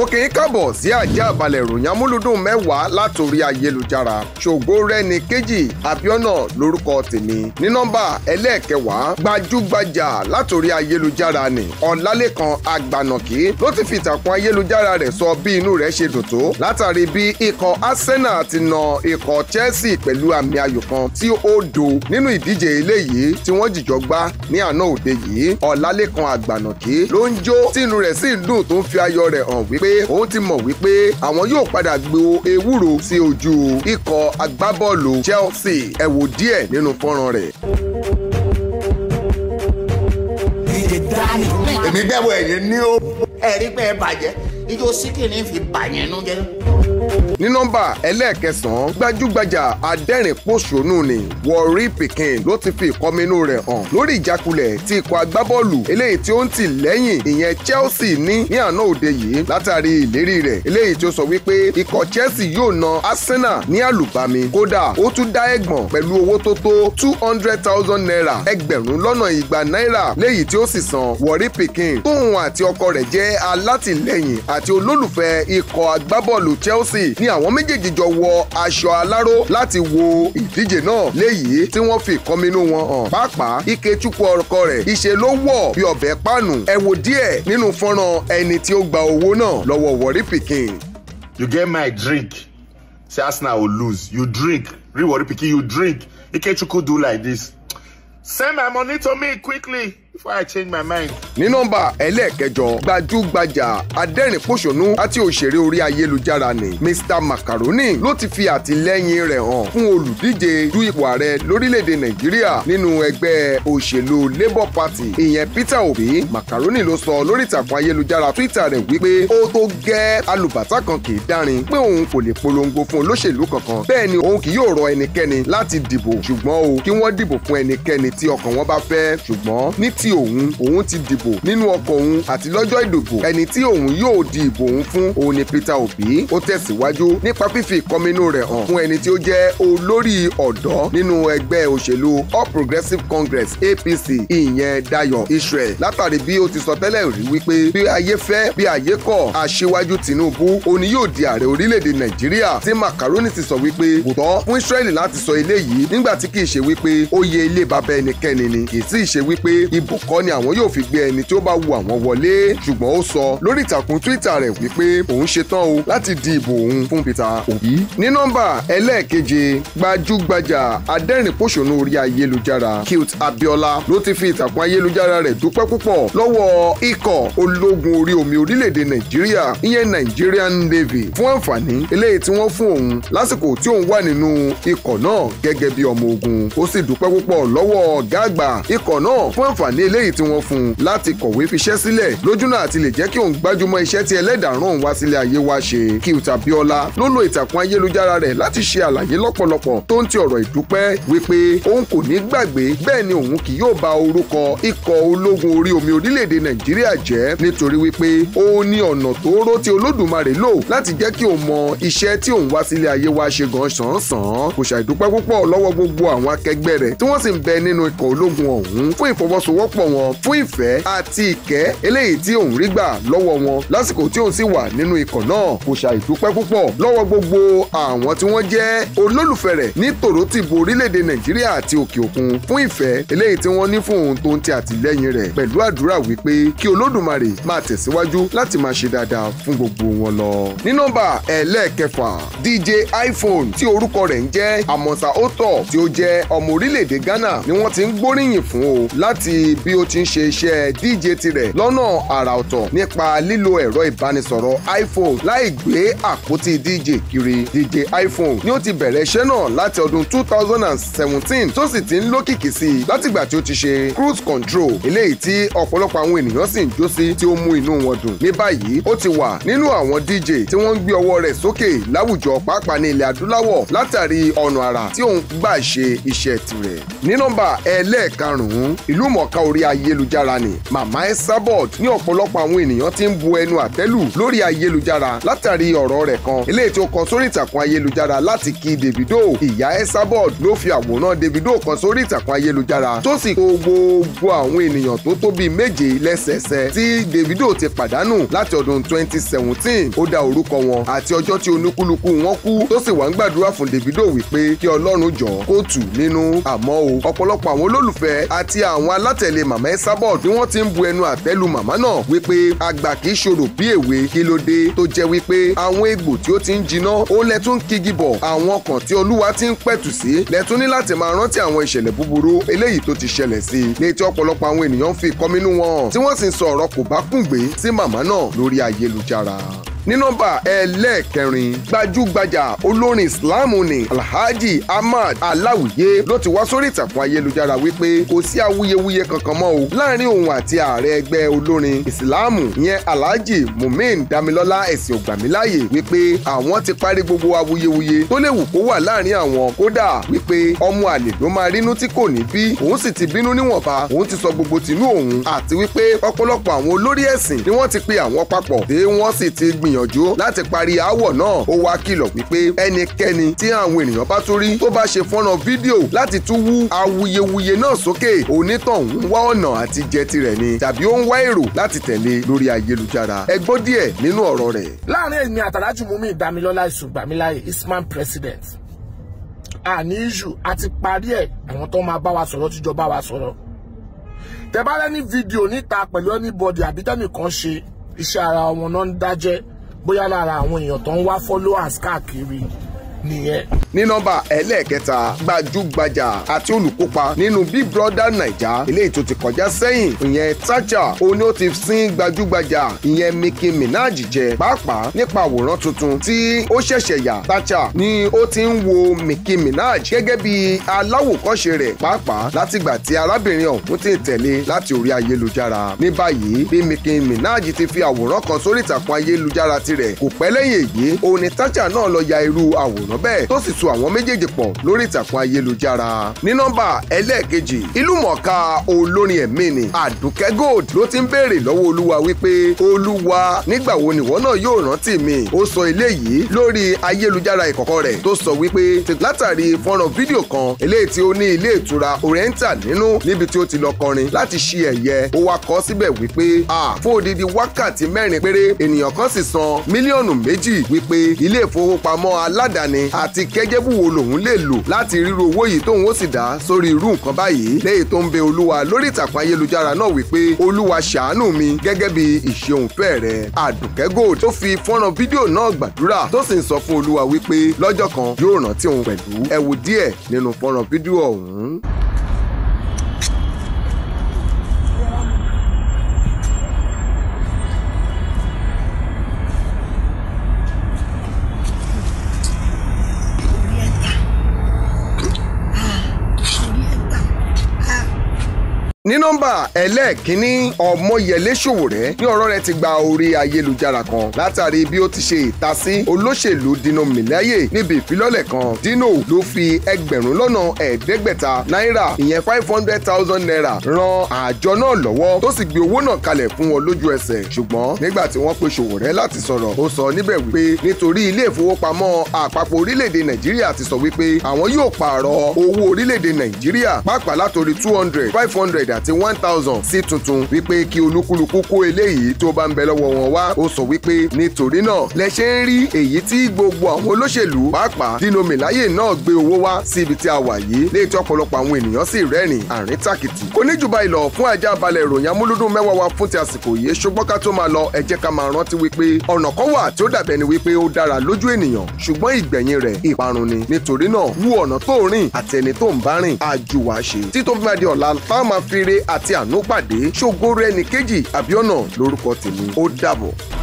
mo kì í káàbọ̀ sí àjà àbálẹ̀ ìròyìn amúlùdùn mẹ́wàá látòrí ayélujára ṣògo rẹni kejì abiona lórúkọ tèmi ní nọ́mbà ẹlẹ́ẹ̀kẹwàá gbajúgbajà látòrí ayélujára ni ọ̀làlẹ́kan agbanàkí ló ti fi ìtàkùn ayélujára rẹ̀ sọ bí inú rẹ̀ ṣe dùn tó látàrí bí ikọ̀ Arsenal ti na ikọ̀ Chelsea pẹ̀lú àmì ayò kan tí ó do nínú ìdíje eléyìí tí wọ́n jìjọ gbá ní àná òde yìí ọ̀làlẹ́kan agbanàkí ló ń jó tínú rẹ̀ sì dùn tó ń fi ayọ̀ rẹ̀ hàn wípé òun ti mọ̀ wípé àwọn yóò padà gbo ewúro sí ojú ikọ̀ agbábọ́ọ̀lù Chelsea ẹ wò díẹ̀ nínú fọ́nrán rẹ̀. èmi bẹ́ẹ̀ wọ ẹ̀yẹ ní ó. ẹ̀rí pé ẹ bàjẹ́ ijó síkì ní fi bàyẹn nú jẹ́ ní nọ́mbà ẹlẹ́ẹ̀kẹsàn-án gbajúgbajà adẹ́rìn-pòṣónú ni Warri Pikin ló ti fi ìkọminú rẹ̀ hàn lórí ìjákulẹ̀ tí ikọ̀ agbábọ́ọ̀lù eléyìí tí ó ń tì lẹ́yìn ìyẹn Chelsea ní ní àná òde yìí látàrí ìlérí rẹ̀ eléyìí tí ó sọ wípé ikọ̀ Chelsea yóò na Arsenal ní àlùbami kódà ó tún dá ẹ̀gbọ̀n pẹ̀lú owó tó tó two hundred thousand naira ẹgbẹ̀rún lọ́nà ìgbà náírà léyìí tí ó sì san Warri Pikin tóun àti ọkọ rẹ̀ jẹ́ alátìlẹ́yìn àti olólùfẹ́ ikọ̀ agbábọ́ọ̀lù Chelsea ni àwọn méjèèjì jọ wọ aṣọ aláró láti wo ìdíje náà léyìí tí wọ́n fi ìkọminú wọn hàn pàápàá Ikechukwu ọkọ rẹ̀ ìṣe ló wọ̀ bí ọbẹ̀ pàánù ẹ díẹ̀ nínú fọ́nrán ẹni tí ó gba owó náà lọ́wọ́ Warri Pikin. You get my drink say Arsenal will lose you drink real Warri Pikin you drink Ikechukwu do like this send my money to me quickly before I change my mind. ní nọ́mbà ẹlẹ́ẹ̀kẹjọ gbajúgbajà adẹ́rìn-pọ̀ṣọ́nù àti òṣèré orí ayélujára ni Mr Macaroni ló ti fi àtìlẹ́yìn rẹ̀ hàn fún olùdíje ju ipò ààrẹ lórílẹ̀‐èdè Nàìjíríà nínú ẹgbẹ́ òṣèlú Labour Party ìyẹn Peter Obi Macaroni ló sọ lórí ìtàkùn ayélujára Twitter rẹ̀ wípé ó tó gẹ́ alùbàtà kan kì í dárin pé òun kò lè polongo fún olóṣèlú kankan bẹ́ẹ̀ ni òun kì yóò rọ ẹnikẹ́ni láti dìbò ṣùgbọ́n o kí wọ́n dìbò fún ẹnikẹ́ni tí ọkàn wọn bá fẹ́ ṣùgbọ́n ní tí òun òun ti dìbò nínú ọkọ̀ òun àti lọ́jọ́ ìdìbò ẹni tí òun yóò di ìbò òun fún òun ni Peter Obi ó tẹ̀síwájú nípa fífi ìkọminú rẹ̀ hàn fún ẹni tí ó jẹ́ olórí ọ̀dọ́ nínú ẹgbẹ́ òṣèlú All Progressives Congress APC ìyẹn Dayo Israel látàrí bí ó ti sọ tẹ́lẹ̀ rí wípé bí ayé fẹ́ bí ayé kọ̀ aṣíwájú Tinubu òun yóò di ààrẹ orílẹ̀-èdè Nàìjíríà tí Macaroni ti sọ wípé kò tọ́ fún Israel láti sọ eléyìí nígbà tí kì í ṣe wípé ó yẹ ilé bàbá ẹnikẹ́ni ni kì í sì ṣe wípé ib ìdìbò kọ́ ni àwọn yóò fi gbé ẹni tí ó bá wu àwọn wọlé ṣùgbọ́n ó sọ lórí ìtàkùn Twitter rẹ̀ wípé òun ṣetán o láti di ìbò òun fún Peter Obi. ní nọ́mbà ẹlẹ́ẹ̀keje gbajúgbajà adẹ́rìnpòṣónú orí ayélujára Cute Abiola ló ti fi ìtàkùn ayélujára rẹ̀ dúpẹ́ púpọ̀ lọ́wọ́ ikọ̀ ológun orí omi orílẹ̀-èdè Nàìjíríà ìyẹn Nigerian Navy fún àǹfààní eléyìí tí wọ́n fún òun lásìkò tí òun wà nínú ikọ̀ náà gẹ́gẹ́ bí ọmọ ogun àǹfààní eléyìí tí wọ́n fún un láti kọ̀wé fiṣẹ́ sílẹ̀ lójúnà àti lè jẹ́ kí òun gbájúmọ́ iṣẹ́ tí ẹlẹ́dàá rán wá sílé ayé wa ṣe kí Utabiola ló lo ìtàkùn ayélujára rẹ̀ láti ṣe àlàyé lọ́pọ̀lọpọ̀ tó ń ti ọ̀rọ̀ ìdúpẹ́ wípé òun kò ní gbàgbé bẹ́ẹ̀ ni òun kì yóò ba orúkọ ikọ̀ ológun orí omi orílẹ̀-èdè Nàìjíríà jẹ́ nítorí wípé òun ní ọ̀nà tóóró tí Olódùmarè lò láti jẹ́ kí òun mọ iṣẹ́ tí òun wá sílé ayé wa ṣe gan sàn-án kò ṣàìdúpẹ́ púpọ̀ lọ́wọ́ gbogbo àwọn akẹgbẹ́ rẹ̀ tí wọ́n sì ń bẹ nínú ikọ̀ ológun ọ̀hún fún ìfọwọ́sowọ́ rọ́pò wọn fún ìfẹ́ àti ìkẹ́ eléyìí tí òun rí gbà lọ́wọ́ wọn lásìkò tí òun sì wà nínú ikọ̀ náà kò ṣàìdúpẹ́ púpọ̀ lọ́wọ́ gbogbo àwọn tí wọ́n jẹ́ olólùfẹ́ rẹ̀ ní tòrótìbò orílẹ̀-èdè nàìjíríà àti òkè òkun fún ìfẹ́ eléyìí tí wọ́n ní fún òun tó ń ti àtìlẹ́yìn rẹ̀ pẹ̀lú àdúrà wípé kí olódùmarè máa tẹ̀síwájú láti máa ṣe dáadáa fún gbogbo wọn lọ. ní nọ́mbà ẹlẹ́ẹ̀kẹfà DJ iPhone tí orúkọ rẹ̀ ń jẹ́ Amosa Otto tí ó jẹ́ ọmọ orílẹ̀-èdè Ghana ni wọ́n ti ń gbóríyìn fún o láti bí ó ti ń ṣe iṣẹ́ DJ tirẹ̀ lọ́nà àrà ọ̀tọ̀ nípa lílo ẹ̀rọ ìbánisọ̀rọ̀ iPhone láì gbé àpótí DJ kiri DJ iPhone ni ó ti bẹ̀rẹ̀ iṣẹ́ náà láti ọdún 2017 tó sì ti ń lókìkí sí i látìgbà tí ó ti ṣe cruise control eléyìí tí ọ̀pọ̀lọpọ̀ àwọn ènìyàn sì ń jó sí tí ó mú inú wọn dùn ní báyìí ó ti wà nínú àwọn DJ tí wọ́n ń gbé ọwọ́ rẹ̀ sókè láwùjọ pàápàá ní ilẹ̀ adúláwọ̀ látàrí ọ̀nà àrà tí òun gbà ṣe iṣẹ́ tirẹ̀ ní nọ́mbà ẹlẹ́ẹ̀karùn-ún ìlú mọ̀ọ́ká orí ayélujára ni mama Esabod ní ọ̀pọ̀lọpọ̀ àwọn ènìyàn ti ń bu ẹnu àtẹ́lù lórí ayélujára látàrí ọ̀rọ̀ rẹ̀ kan eléyìí tí ó kọ sórí ìtàkùn ayélujára láti kí Davido ìyá Esabod ló fi àwòrán Davido kan sórí ìtàkùn ayélujára tó sì kó gbogbo àwọn ènìyàn tó tó bíi méje lẹ́sẹẹsẹ tí Davido ti pàdánù láti ọdún 2017 ó dá orúkọ wọn àti ọjọ́ tí onúkúlùkù wọn kú tó sì wá ń gbàdúrà fún Davido wípé kí Ọlọ́run jọ̀ọ́ kó tù nínú àmọ́ o ọ̀pọ̀lọpọ̀ àwọn olólùfẹ́ àti àwọn alátẹ̀lé ìyáálé màmá Esabod bí wọ́n ti ń bu ẹnu àtẹ́lu màmá náà wípé àgbà kì í ṣòro bí èwe kí ló dé tó jẹ́ wípé àwọn egbò tí ó ti ń jiná ó lẹ́tún kígi bọ̀ àwọn ọkàn tí olúwa ti ń pẹ̀tù sí lẹ́tún ní láti máa rántí àwọn ìṣẹ̀lẹ̀ búburú eléyìí tó ti ṣẹlẹ̀ sí i létí ọ̀pọ̀lọpọ̀ àwọn ènìyàn fi ìkọminú wọn tí wọ́n sì ń sọ ọ̀rọ̀ kò bá kùngbé sí màmá náà lórí ayélujára ní nọ́mbà ẹlẹ́ẹ̀kẹrin gbajúgbajà olórin islam ni alhaji ahmad aláwìyé ló ti wá sórí ìtàkùn ayélujára wípé kò sí awuyewuye kankan mọ́ o láàrin òun àti ààrẹ ẹgbẹ́ olórin islam yẹn alhaji mumin damilọ́lá ẹ̀sìn ògbàmíláyè wípé àwọn ti parí gbogbo awuyewuye tó lè wù kó wà láàrin àwọn kódà wípé ọmọ àlè ló máa rínú tí kò ní bí òun sì ti bínú níwọ̀nba òun ti sọ gbogbo tinú òun àti wípé gbìyànjú láti parí aáwọ̀ náà ó wá kìlọ̀ wípé ẹnikẹ́ni tí àwọn ènìyàn bá tún rí tó bá ṣe fọ́nrán fídíò láti tún wú awuyewuye náà sókè onítọ̀hún wá ọ̀nà àti jẹ tirẹ̀ ni tàbí ó ń wá èrò láti tẹ̀lé lórí ayélujára ẹ gbọ́ díẹ̀ nínú ọ̀rọ̀ rẹ̀. láàrin èmi àtàlájù mú mi ìdámilọ́lá ìṣùgbàmíláyè isman president àní ìṣù àti parí ẹ̀ àwọn tó máa bá wa sọ̀rọ̀ tíjọ bá wa sọ̀rọ̀ tẹ bá lẹ́ni fídíò níta pẹ̀lú anybody àbí tẹ́nìkan ṣe iṣẹ́ ara wọn náà ń dájẹ́ bóyá lára àwọn èèyàn tó ń wá followers káàkiri nìyẹn. ní nọ́mbà ẹlẹ́ẹ̀kẹta gbajúgbajà àti olùkópa nínú big brother naija eléyìí tó ti kọjá sẹ́yìn ìyẹn Tájà òun ni ó ti sin gbajúgbajà ìyẹn Nicki Minaj jẹ pàápàá nípa àwòrán tuntun tí ó ṣẹ̀ṣẹ̀ yà Tájà ni ó ti ń wo Nicki Minaj gẹ́gẹ́ bí aláwòkọ́ṣe rẹ̀ pàápàá látìgbà tí arábìnrin ọ̀hún ti tẹ̀lé láti orí ayélujára ní báyìí bí Nicki Minaj ti fi àwòrán kan sórí ìtàkùn ayélujára tirẹ̀ kò pẹ́ lẹ́yìn èyí òun ni Tájà náà lọ ya irú àwòrán ọ̀nà bẹ́ẹ̀ tó sì tu àwọn méjèèjì pọ̀ lórí ìtàkùn ayélujára ní nọ́mbà ẹlẹ́ẹ̀kejì ìlúmọ̀ọ́ká olórin ẹ̀mí ni àdùkẹ́ gold ló ti ń béèrè lọ́wọ́ olúwa wípé olúwa nígbà wo nìwọ náà yóò rántí mi ó sọ eléyìí lórí ayélujára ìkọ̀kọ̀ rẹ̀ tó sọ wípé látàrí fọ́nrán fídíò kan eléyìí tí ó ní ilé ìtura oriental nínú níbi tí ó ti lọ kọrin láti ṣe ẹ̀yẹ ó wá kọ síbẹ̀ wípé a fún odidi wákàtí mẹ́rin péré ènìyàn kan sì san mílíọ̀nù méjì wípé ilé ìfowópamọ́ aládàáni ni àti kẹ́jẹ́bù wo lòun lè lò láti ríro owó yìí tóun ó sì dá sórí irú nǹkan báyìí lẹ́yìn tó ń bẹ olúwa lórí ìtàkùn ayélujára náà wípé olúwa ṣàánú mi gẹ́gẹ́ bí ìṣeunfẹ́ rẹ̀ àdùkẹ́ gold tó fi fọ́nrán fídíò náà gbàdúrà tó sì ń sọ fún olúwa wípé lọ́jọ́ kan yóò rántí òun pẹ̀lú ẹ díẹ̀ nínú fọ́nrán fídíò ọ̀hún. ní nọ́mbà ẹlẹ́ẹ̀kínní ọmọyẹlé ṣòwòrẹ́ ní ọ̀rọ̀ rẹ̀ ti gba orí ayélujára kan látàrí bí ó ti ṣe ìtasí olóṣèlú Dino Melaye níbi ìfilọ́lẹ̀ kan Dino ló fi ẹgbẹ̀rún lọ́nà ẹ̀ẹ́dẹ́gbẹ̀ta náírà ìyẹn five hundred thousand naira ran àjọ náà lọ́wọ́ tó sì gbé owó náà kalẹ̀ fún wọn lójú ẹsẹ̀ ṣùgbọ́n nígbà tí wọ́n pe ṣòwòrẹ́ láti sọ̀rọ̀ ó sọ níbẹ̀ wípé nítorí ilé ìfowópamọ́ àpapọ̀ orílẹ̀-èdè Nàìjíríà ti sọ wípé àwọn yóò pààrọ̀ owó orílẹ̀-èdè Nàìjíríà pàápàá látòrí two hundred five hundred àti one thousand sí tuntun wípé kí olúkúlùkù kó eléyìí tó bá ń bẹ lọ́wọ́ wọn wá ó sọ wípé nítorí náà lẹ ṣe ń rí èyí tí gbogbo àwọn olóṣèlú pàápàá dino melaye náà gbé owó wá sí ibi tí a wà yìí léètí ọ̀pọ̀lọpọ̀ àwọn ènìyàn sì rẹ́rìn àrín tàkìtì kò ní jùbá ìlọ fún ajá balẹ̀ ìròyìn amúlúdùn mẹ́wàá wa fún ti àsìkò yìí ṣùgbọ́n ká tó máa lọ ẹ jẹ́ ká máa rántí wípé ọ̀nà kan wà tí ó dàbẹ̀ ni wípé ó dára lójú ènìyàn ṣùgbọ́n ìgbẹ̀yìn rẹ̀ ìparun ni nítorí náà wú ọ̀nà tó rìn àtẹni tó ń bá rìn àjùwà ṣe tí tó fi táwọn máa fi r ire àti àánú pàdé ṣògo rẹ nìkejì àbíọ́nà lórúkọ tèmi ó dàbọ̀.